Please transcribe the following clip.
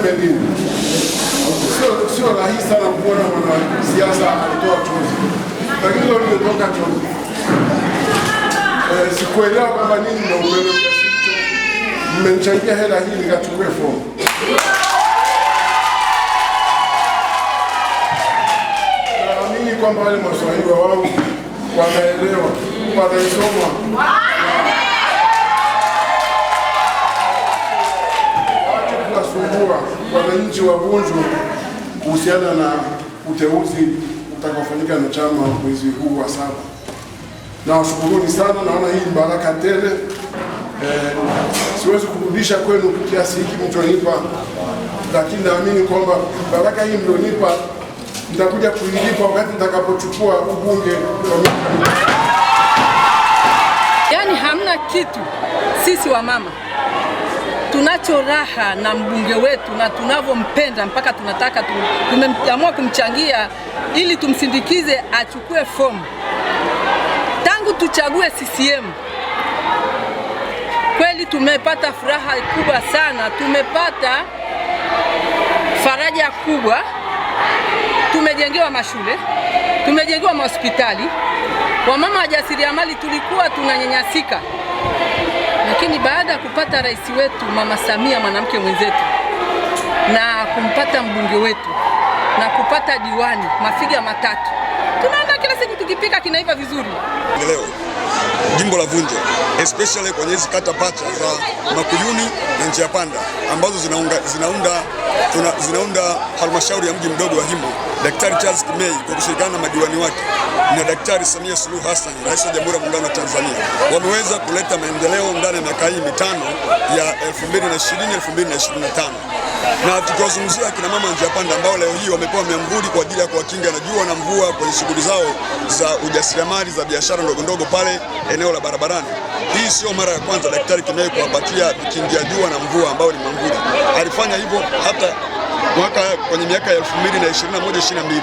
niseme nini? Sio rahisi sana kuona mwanasiasa anatoa chozi, lakini leo nimetoka chozi. Eh, sikuelewa kwamba nini mmenichangia hela hii nikachukue fomu kwamba wale maswahili wangu wanaelewa, wanaisoma. wananchi wa Vunjo kuhusiana na uteuzi utakaofanyika na chama mwezi huu wa saba. Na washukuruni sana, naona hii baraka tele. Eh, siwezi kurudisha kwenu kiasi hiki mlichonipa, lakini naamini kwamba baraka hii mlionipa nitakuja kuilipa wakati nitakapochukua ubunge. Yaani hamna kitu sisi wa mama tunacho raha na mbunge wetu na tunavyompenda mpaka tunataka tumeamua kumchangia ili tumsindikize achukue fomu tangu tuchague CCM. Kweli tumepata furaha kubwa sana, tumepata faraja kubwa, tumejengewa mashule, tumejengewa mahospitali. Wamama wajasiriamali tulikuwa tunanyanyasika. Lakini baada ya kupata rais wetu Mama Samia, mwanamke mwenzetu, na kumpata mbunge wetu na kupata diwani, mafiga matatu, tunaona kila siku tukipika kinaiva vizuri. Leo jimbo la Vunjo especially kwenye hizi kata pacha za Makuyuni na njia panda ambazo zinaunga, zinaunda tuna, zinaunda halmashauri ya mji mdogo wa Himo Daktari Charles Kimei kwa kushirikiana na madiwani wake na Daktari Samia Suluhu Hassan, rais wa Jamhuri ya Muungano wa Tanzania, wameweza kuleta maendeleo ndani ya miaka hii mitano ya 2020 2025 na tukiwazungumzia kina mama njia panda ambao leo hii wamepewa miamvuli kwa ajili ya kuwakinga na jua na mvua kwenye shughuli zao za ujasiriamali za biashara ndogondogo pale eneo la barabarani. Hii sio mara ya kwanza Daktari Kimei kuwapatia vikingia jua na mvua ambao ni mwamvuli. Alifanya hivyo hata mwaka kwenye miaka ya 2021 22.